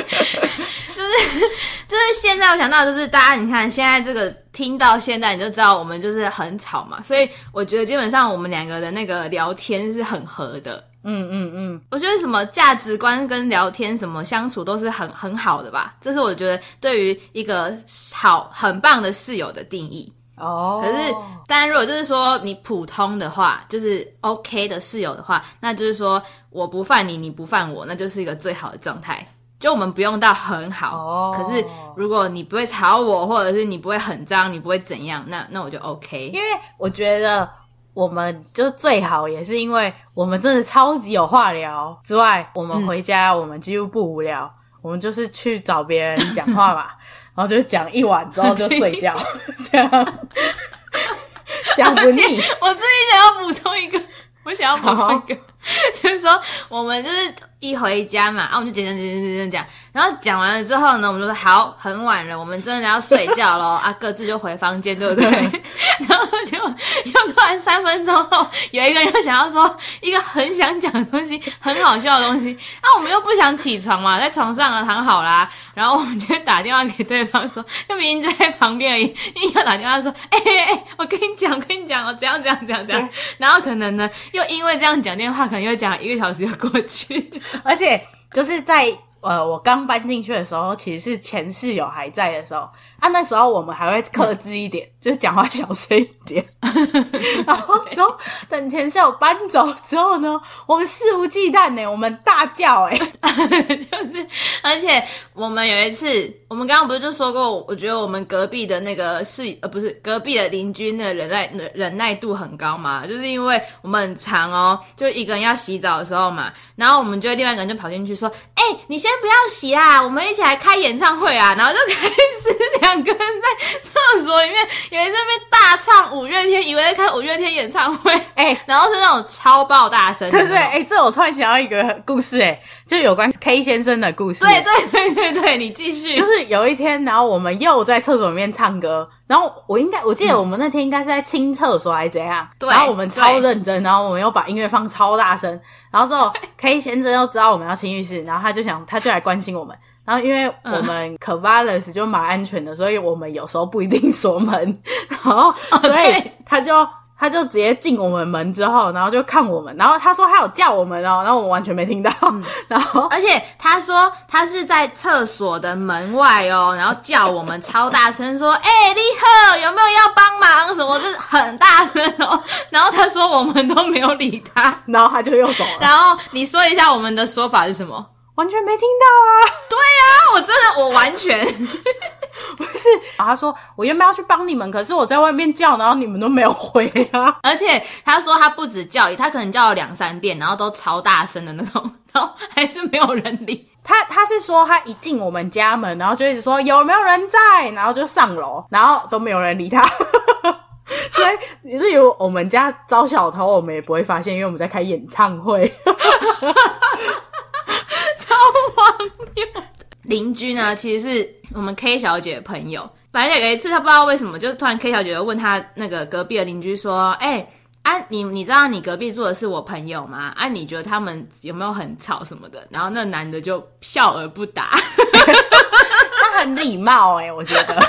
是就是現在我想到，就是大家你看現在這個聽到現在你就知道我們就是很吵嘛，所以我覺得基本上我們兩個的那個聊天，是很合的，嗯嗯嗯，嗯嗯，我覺得什麼價值觀跟聊天什麼相處都是很很好的吧，這是我覺得對於一個好、很棒的室友的定義。哦，oh. 可是當然，但如果就是說你普通的話，就是 OK 的室友的話，那就是說我不犯你，你不犯我，那就是一個最好的狀態。就我們不用到很好，哦。Oh. 可是如果你不會吵我，或者是你不會很髒，你不會怎樣，那那我就 OK。因為我覺得我們就最好，也是因為我們真的超級有話聊。之外，我們回家我們幾乎不無聊，嗯、我們就是去找別人講話吧。 然後就講一晚之後就睡覺，對這樣講不 膩。我自己想要補充一個，我想要補充一個。好好就是說，我們就是一回家嘛，啊，我們就講講講講講講，然後講完了之後呢，我們就說好，很晚了，我們真的要睡覺嘍， 啊，各自就回房間，對不對？對，然後就又突然三分鐘後，有一個人又想要說一個很想講的東西，很好笑的東西，那、啊、我們又不想起床嘛，在床上、啊、躺好啦，然後我們就打電話給對方說，那明明就在旁邊而已，你要打電話說，哎、欸欸，我跟你講，跟你講，我怎樣怎樣怎樣怎樣，然後可能呢，又因為這樣講電話。要講一個小時又過去，而且就是在。呃，我剛搬進去的時候，其實是前室友還在的時候，啊，那時候我們還會克制一點，嗯、就是講話小聲一點。 然後之後對等前室友搬走之後呢，我們肆無忌憚呢、欸，我們大叫哎、欸， 就是，而且我們有一次，我們剛剛不是就說過，我覺得我們隔壁的那個是呃，不是隔壁的鄰居那個忍耐忍耐度很高嘛，就是因為我們很常哦、喔，就一個人要洗澡的時候嘛，然後我們就另外一個人就跑進去說，哎、欸，你先。不要洗啊！我們一起來開演唱會啊！然後就開始兩個人在廁所裡面，有人在那邊大唱五月天，以為在開五月天演唱會，哎、欸，然後是那種超爆大聲，對，對對，哎、欸，這我突然想到一個故事、欸，哎，就有關 K 先生的故事，對對對對對，你繼續，就是有一天，然後我們又在廁所裡面唱歌。然後我應該，我記得我們那天應該是在清廁所還是怎樣。對。然後我們超認真，對然後我們又把音樂放超大聲，然後之後 K 先生又知道我們要清浴室，然後他就想，他就來關心我們。然後因為我們 Corvallis 就蠻安全的，嗯、所以我們有時候不一定鎖門，好，哦、所以他就。他就直接進我們門之後，然後就看我們，然後他說他有叫我們、喔，然後然後我們完全沒聽到，嗯、然後而且他說他是在廁所的門外哦、喔，然後叫我們超大聲說：“哎、 欸，你好，有沒有要幫忙什麼？”就是很大聲哦、喔，然後他說我們都沒有理他，然後他就又走了。然後你說一下我們的說法是什麼？完全沒聽到啊！對啊，我真的我完全。 不是，他說我原本要去幫你們，可是我在外面叫，然後你們都沒有回啊。而且他說他不止叫，他可能叫了兩三遍，然後都超大聲的那種，然後還是沒有人理他。他是說他一進我們家門，然後就一直說有沒有人在，然後就上樓，然後都沒有人理他。 所以你是以為我們家遭小偷，我們也不會發現，因為我們在開演唱會， 超方便。鄰居呢，其實是我們 K 小姐的朋友。反正有一次，他不知道為什麼，就是突然 K 小姐就問他那個隔壁的鄰居說：“哎、欸，啊，你你知道你隔壁住的是我朋友嗎？啊，你覺得他們有沒有很吵什麼的？”然後那男的就笑而不答， 他很禮貌哎、欸，我覺得，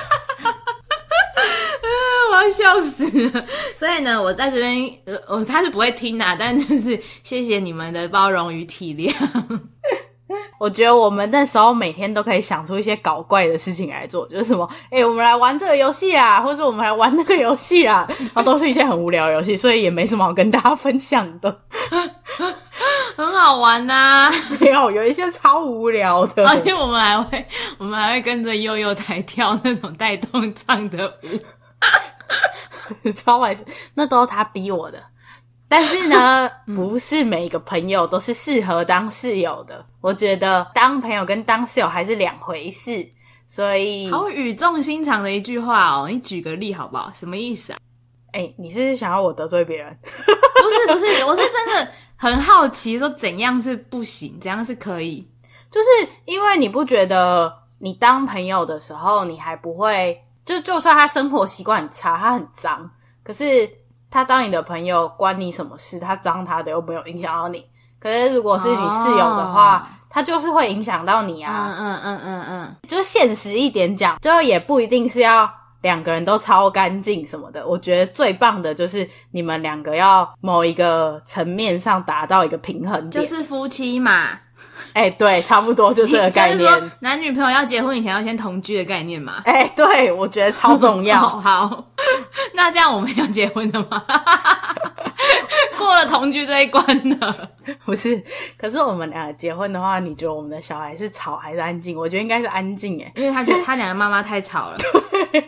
呃、我要笑死了。所以呢，我在這邊呃，我他是不會聽吶、啊，但就是謝謝你們的包容與體諒。我覺得我們那時候每天都可以想出一些搞怪的事情來做，就是什麼，哎、欸，我們來玩這個遊戲啦，或者我們來玩那個遊戲啦， 然後都是一些很無聊遊戲，所以也沒什麼好跟大家分享的。 很好玩吶、啊，沒有，有一些超無聊的，而且我們還會，我們還會跟着悠悠台跳那種帶動唱的舞， 超玩。那都是他逼我的。 但是呢，不是每一個朋友都是適合當室友的。我覺得當朋友跟當室友還是兩回事，所以好語重心長的一句話哦。你舉個例好不好？什麼意思啊？欸，你是想要我得罪別人？不是不是，我是真的很好奇，說怎樣是不行，怎樣是可以？就是因為你不覺得你當朋友的時候，你還不會，就就算他生活習慣很差，他很髒，可是。他當你的朋友關你什麼事？他髒他的又沒有影響到你。可是如果是你室友的話，oh. 他就是會影響到你啊！嗯嗯嗯嗯嗯，嗯嗯嗯，就現實一點講，最後也不一定是要兩個人都超乾淨什麼的。我覺得最棒的就是你們兩個要某一個層面上達到一個平衡。就是夫妻嘛。哎、欸，對，差不多就這個概念。就是、男女朋友要結婚以前要先同居的概念嗎？哎、欸，對，我覺得超重要、 哦。好，那這樣我們要結婚了嗎？ 過了同居這一關了。不是，可是我們倆結婚的話，你覺得我們的小孩是吵還是安靜？我覺得應該是安靜，哎，因為他覺得他兩個媽媽太吵了。 對，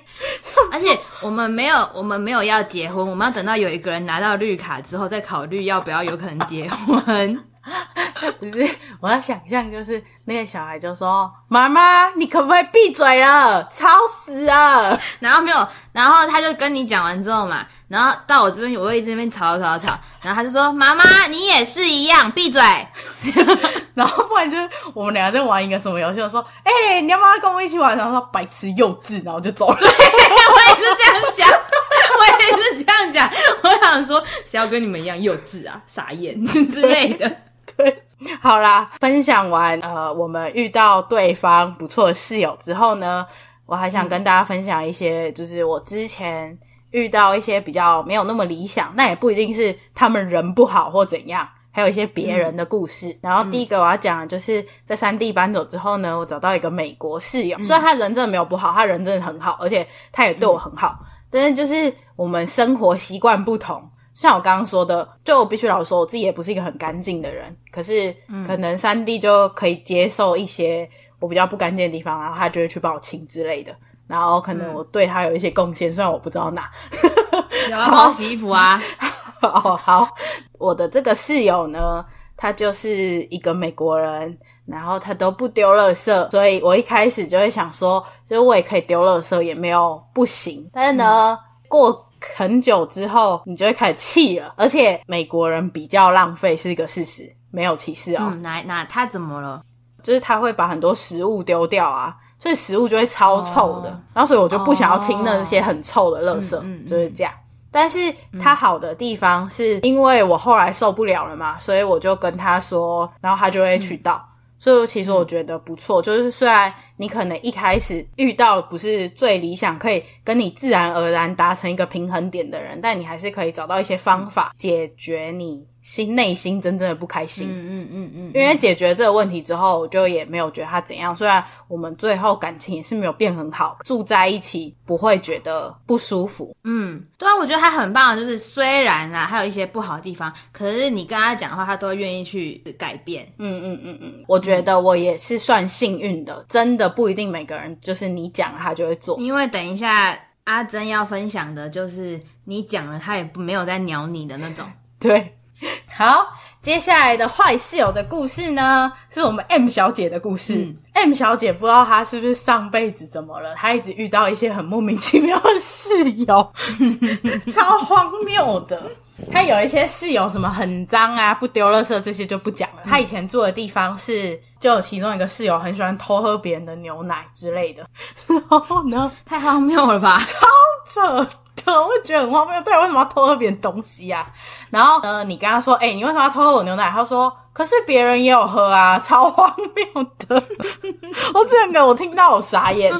而且我們沒有，我們沒有要結婚，我們要等到有一個人拿到綠卡之後，再考慮要不要有可能結婚。 不是，我要想象就是那個小孩就說：“媽媽，你可不可以閉嘴了？吵死了！”然後沒有，然後他就跟你講完之後嘛，然後到我這邊我又一直在那邊吵了吵了吵，然後他就說：“媽媽，你也是一樣，閉嘴。” 然後不然就是我們倆在玩一個什麼遊戲，我說：“哎，你要不要跟我們一起玩？”然後說：“白痴，幼稚。”然後就走了。對，我也， 我也是這樣想，我也是這樣想。我想說，誰要跟你們一樣幼稚啊？傻眼之類的。 好啦，分享完呃，我們遇到對方不錯的室友之後呢，我還想跟大家分享一些，嗯、就是我之前遇到一些比較沒有那麼理想，那也不一定是他們人不好或怎樣，還有一些別人的故事。嗯、然後第一個我要講的，就是在3蒂搬走之後呢，我找到一個美國室友，雖然、嗯、他人真的沒有不好，他人真的很好，而且他也對我很好，嗯、但是就是我們生活習慣不同。像我剛剛說的，就我必須老實說，我自己也不是一個很乾淨的人。可是，可能3蒂就可以接受一些我比較不乾淨的地方，然後他就會去幫我清之類的。然後，可能我對他有一些貢獻，雖然、嗯、我不知道哪。有幫我洗衣服啊！哦，好，我的這個室友呢，他就是一個美國人，然後他都不丟垃圾，所以我一開始就會想說，其實我也可以丟垃圾，也沒有不行。但是呢，過、嗯。很久之後，你就會開始氣了。而且美國人比較浪費是一個事實，沒有歧視哦。嗯，那那他怎麼了？就是他會把很多食物丟掉啊，所以食物就會超臭的。Oh. 然後所以我就不想要清那些很臭的垃圾，oh. 就是這樣。但是他好的地方是因為我後來受不了了嘛，所以我就跟他說，然後他就會去倒。所以其實我覺得不錯，就是雖然。你可能一開始遇到不是最理想可以跟你自然而然達成一個平衡點的人，但你還是可以找到一些方法解決你心內心真正的不開心。嗯嗯嗯嗯，嗯嗯嗯，因為解決這個問題之後，我就也沒有覺得他怎樣。雖然我們最後感情也是沒有變很好，住在一起不會覺得不舒服。嗯，對啊，我覺得他很棒，就是雖然啊還有一些不好的地方，可是你跟他講的話，他都願意去改變。嗯嗯嗯嗯，我覺得我也是算幸運的，真的。不一定每個人就是你講他就會做，因為等一下阿蓁要分享的，就是你講了他也沒有在鳥你的那種。對，好，接下來的壞室友的故事呢，是我們 M 小姐的故事。嗯、M 小姐不知道她是不是上輩子怎麼了，她一直遇到一些很莫名其妙的室友， 超荒謬的。他有一些室友什麼很髒啊，不丟垃圾這些就不講了。他以前住的地方是，就有其中一個室友很喜歡偷喝別人的牛奶之類的。然後呢？太荒謬了吧！超扯的，我覺得很荒謬。對，為什麼要偷喝別人東西啊？然後呢、呃，你跟他說，哎、欸，你為什麼要偷喝我牛奶？他說，可是別人也有喝啊，超荒謬的。 我整個，我聽到我傻眼。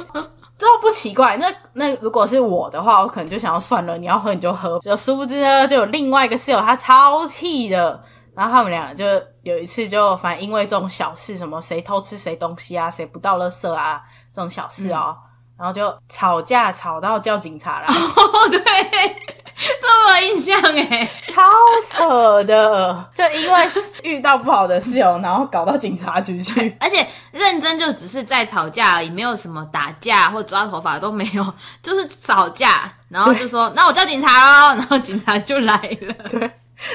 這不奇怪，那那如果是我的話，我可能就想要算了。你要喝你就喝，就殊不知呢，就有另外一個室友他超氣的，然後他們倆就有一次就反正因為這種小事，什麼誰偷吃誰東西啊，誰不倒垃圾啊，這種小事哦，嗯、然後就吵架吵到叫警察了。 對。這麼印象哎、欸，超扯的！就因為遇到不好的室友、喔，然後搞到警察局去，而且認真就只是在吵架而已，也沒有什麼打架或抓頭髮都沒有，就是吵架，然後就說那對我叫警察嘍，然後警察就來了。對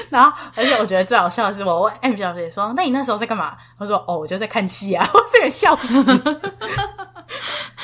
然後，而且我覺得最好笑的是，我問 M 小姐說：“ 那你那時候在幹嘛？”她說：“哦，我就在看戲啊！”我這個笑死了，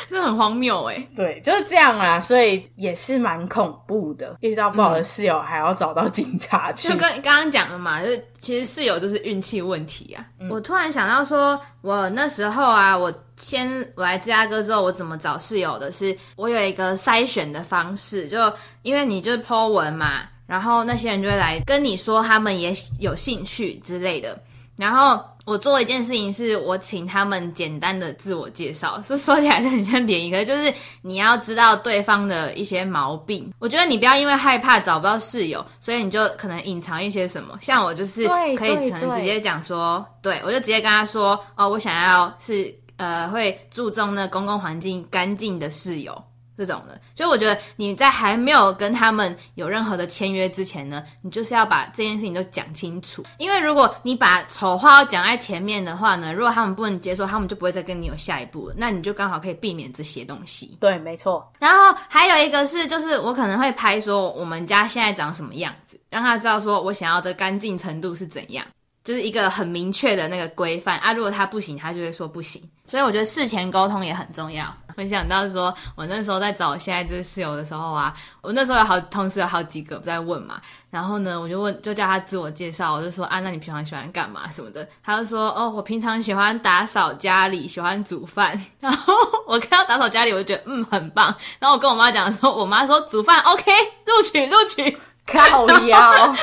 真的 很荒謬哎、欸。對，就是這樣啦，所以也是蠻恐怖的。遇到不好的室友，還要找到警察去、嗯。就跟剛剛講的嘛，就其實室友就是運氣問題啊。嗯、我突然想到說，說我那時候啊，我先我來芝加哥之後，我怎麼找室友的？是，我有一個篩選的方式，就因為你就是 PO 文嘛。然後那些人就會來跟你說，他們也有興趣之類的。然後我做一件事情是，我請他們簡單的自我介紹，所以說起來就很像聯誼，可是就是你要知道對方的一些毛病。我覺得你不要因為害怕找不到室友，所以你就可能隱藏一些什麼。像我就是可以可能直接講說，對，對，對，對，我就直接跟他說，哦，我想要是呃會注重那公共環境乾淨的室友。這種的，所以我覺得你在還沒有跟他們有任何的簽約之前呢，你就是要把這件事情都講清楚。因為如果你把醜話要講在前面的話呢，如果他們不能接受，他們就不會再跟你有下一步了。那你就剛好可以避免這些東西。對，沒錯。然後還有一個是，就是我可能會拍說我們家現在長什麼樣子，讓他知道說我想要的乾淨程度是怎樣。就是一個很明確的那個規範啊，如果他不行，他就會說不行。所以我覺得事前溝通也很重要。我想到說，我那時候在找現在這室友的時候啊，我那時候有好同時有好幾個在問嘛，然後呢，我就問，就叫他自我介紹，我就說啊，那你平常喜歡幹嘛什麼的？他就說哦，我平常喜歡打掃家裡，喜歡煮飯。然後我看到打掃家裡，我就覺得嗯，很棒。然後我跟我媽講的時候，我媽說煮飯 OK，錄取錄取。錄取靠腰，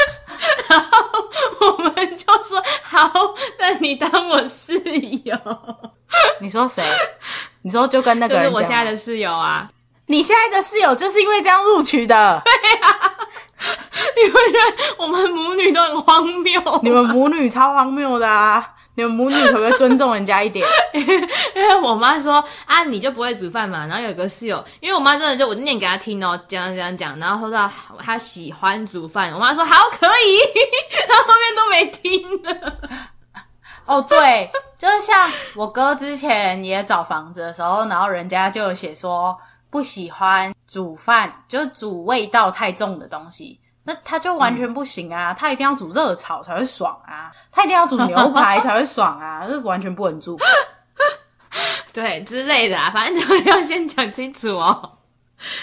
然後我們就說好，那你當我室友？你說誰？你說就跟那個人講。就是我現在的室友啊！你現在的室友就是因為這樣錄取的。對啊，你會覺得我們母女都很荒謬？你們母女超荒謬的啊。你們母女可不可以尊重人家一點？ 因為我媽說啊，你就不會煮飯嘛。然後有一個室友，因為我媽真的就我念給她聽哦，講講講，然後說到她喜歡煮飯，我媽說好可以，她 後面都沒聽了。哦，對，就像我哥之前也找房子的時候，然後人家就有寫說不喜歡煮飯，就是煮味道太重的東西。那他就完全不行啊！嗯、他一定要煮熱炒才會爽啊！他一定要煮牛排才會爽啊！是 完全不能住，對，之類的啊。反正要先講清楚哦。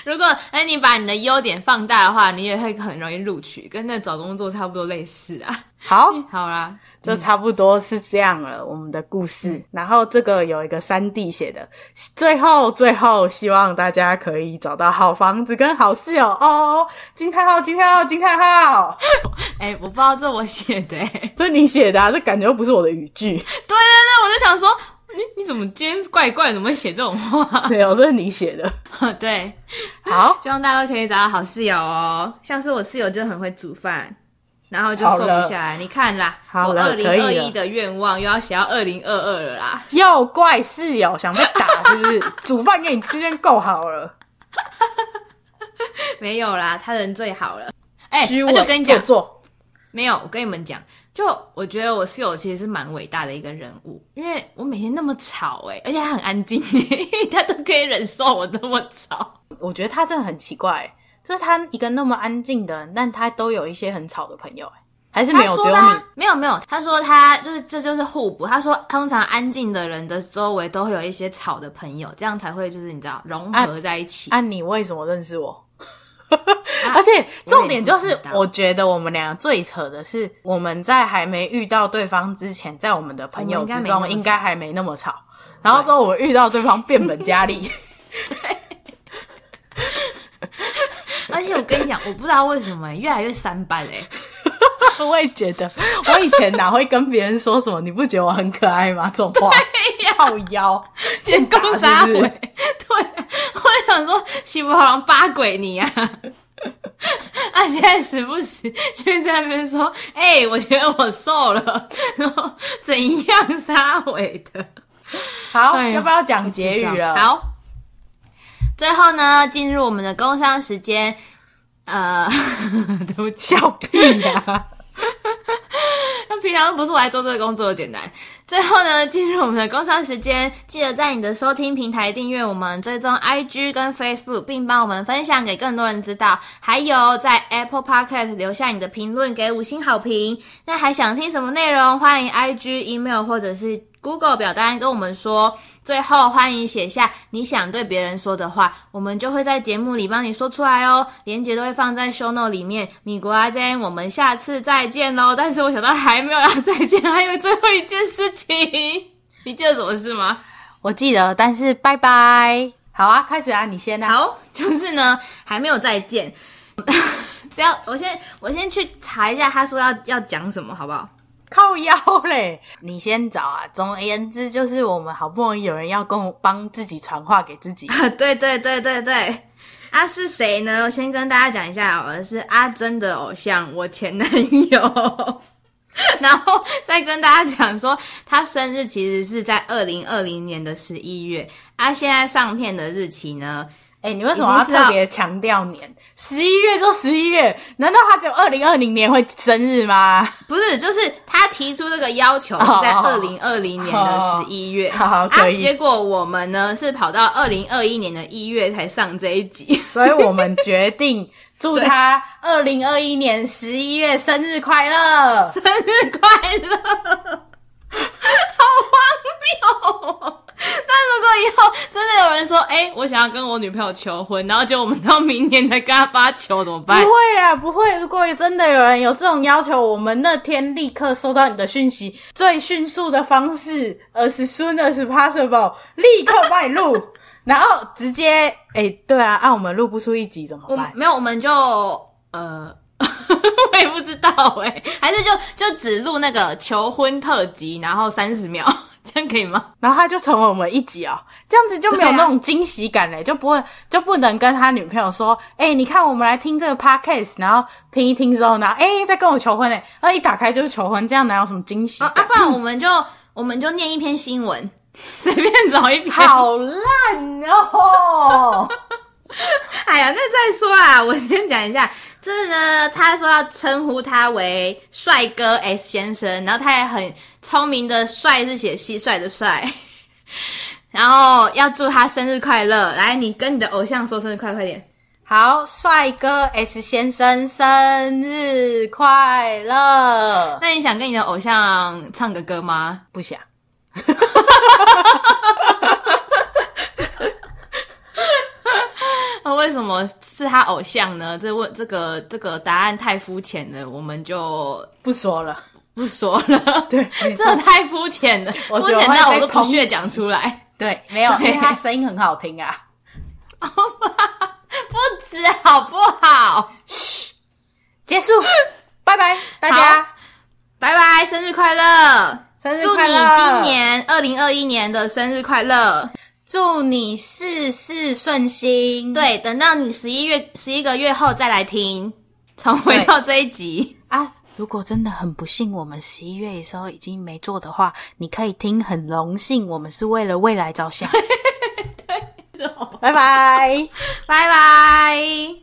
如果哎、欸，你把你的優點放大的話，你也會很容易錄取，跟那找工作差不多類似啊。好， 好啦。就差不多是這樣了，我們的故事。嗯、然後這個有一個三蒂寫的，最後最後，希望大家可以找到好房子跟好室友哦。金太后金太后金太后哎、欸，我不知道這我寫的，這是你寫的、啊，這感覺又不是我的語句。對,對對對，我就想說，你你怎麼今天怪怪，怎麼會寫這種話？對、哦，這是你寫的。呵對，好，希望大家都可以找到好室友哦。像是我室友就很會煮飯。然後就瘦不下來，了你看啦，了我二零二一的願望又要寫到二零二二了啦。要怪室友，想被打是不是？ 煮飯給你吃已經夠好了， 沒有啦，他人最好了。哎、欸，我、啊、就跟你講，坐坐沒有，我跟你們講，就我覺得我室友其實是蠻偉大的一個人物，因為我每天那麼吵，哎，而且他很安靜，他都可以忍受我這麼吵。我覺得他真的很奇怪。就是他一個那麼安靜的人，但他都有一些很吵的朋友、欸，哎，還是沒有只有你他他。沒有沒有，他說他就是這就是互補。他說通常安靜的人的周圍都會有一些吵的朋友，這樣才會就是你知道融合在一起。那你為什麼認識我？啊、而且重點就是，我覺得我們倆最扯的是，我們在還沒遇到對方之前，在我們的朋友之中應該還沒那麼吵，然後說我們遇到對方變本加厲。而且我跟你講，我不知道為什麼、欸、越來越三八嘞、欸， 我也覺得，我以前哪 會跟別人說什麼？你不覺得我很可愛嗎？這種話好妖，先攻殺尾。 對，我想說西婦好像八鬼你呀，啊， 啊現在時不時就在，在那邊說，哎、欸，我覺得我瘦了，然後怎樣殺尾的？好，呀要不要講結語了？好。最後呢，進入我們的工商時間，呃，對不起啊， 平常不是我來做這個工作有點難。最後呢，進入我們的工商時間，記得在你的收聽平台訂閱我們，追蹤 IG 跟 Facebook，並幫我們分享給更多人知道。還有在 Apple Podcast 留下你的評論，給五星好評。那還想聽什麼內容？歡迎 IG、e、Email 或者是 Google 表單跟我們說。最後，歡迎寫下你想對別人說的話，我們就會在節目裡幫你說出來哦。連結都會放在 show note 裡面。米國阿蓁，我們下次再見咯，但是我想到還沒有要再見，還有最後一件事情，你記得什麼事嗎？我記得，但是拜拜。好啊，開始啊，你先來啊。好，就是呢，還沒有再見。 只要我先，我先去查一下，他說要要講什麼，好不好？靠腰嘞！你先找啊。總而言之，就是我們好不容易有人要跟我幫自己傳話給自己。對、啊、對對對對，啊是誰呢？我先跟大家講一下，我是阿蓁的偶像，我前男友。 然後再跟大家講說，他生日其實是在二零二零年的十一月。啊，現在上片的日期呢？哎、欸，你為什麼要特別強調年？十一月就十一月，難道他只有二零二零年會生日嗎？ 不是，就是他提出這個要求是在二零二零年的十一月。好好，可以。結果我們呢是跑到二零二一年的一月才上這一集，所以我們決定祝他二零二一年十一月生日快樂， 對生日快樂。 好荒謬、喔！那如果以後真的有人說，哎、欸，我想要跟我女朋友求婚，然後結果我們到明年再跟她發球怎麼辦？不會啊，不會。如果真的有人有這種要求，我們那天立刻收到你的訊息，最迅速的方式，As soon as possible，立刻幫你錄， 然後直接，哎、欸，對啊，按、啊、我們錄不出一集怎麼辦？沒有，我們就呃。 我也不知道哎、欸，還是就就只錄那個求婚特輯，然後三十秒這樣可以嗎？然後他就成為我們一集啊、喔，這樣子就沒有那種驚喜感嘞、欸，啊、就不會就不能跟他女朋友說，哎、欸、你看我們來聽這個 podcast，然後聽一聽之後呢，哎、欸、再跟我求婚、欸、然後他一打開就是求婚，這樣哪有什麼驚喜感？阿爸、啊，啊、我們就我們就念一篇新聞，隨 便找一篇，好爛哦、喔。 哎呀，那再說啦。我先講一下，這呢，他說要稱呼他為蟀哥 S 先生，然後他也很聰明的，蟀是寫蟋蟀的蟀。然後要祝他生日快樂，來，你跟你的偶像說生日快快點。好，蟀哥 S 先生生日快樂。那你想跟你的偶像唱個歌嗎？不想。 那為什麼是他偶像呢？這問這個這個答案太膚淺了，我們就不說了，不說了。對，這太膚淺了。膚淺，膚淺到我都不屑講出來。對，沒有，對因為他聲音很好聽啊。 不止好不好？噓，結束，拜拜，好大家，拜拜，生日快樂，快樂祝你今年二零二一年的生日快樂。祝你事事順心。對，等到你十一月十一個月後再來聽，重回到這一集對啊。如果真的很不幸，我們十一月的時候已經沒做的話，你可以聽。很榮幸，我們是為了未來着想。 對， 拜拜，拜拜。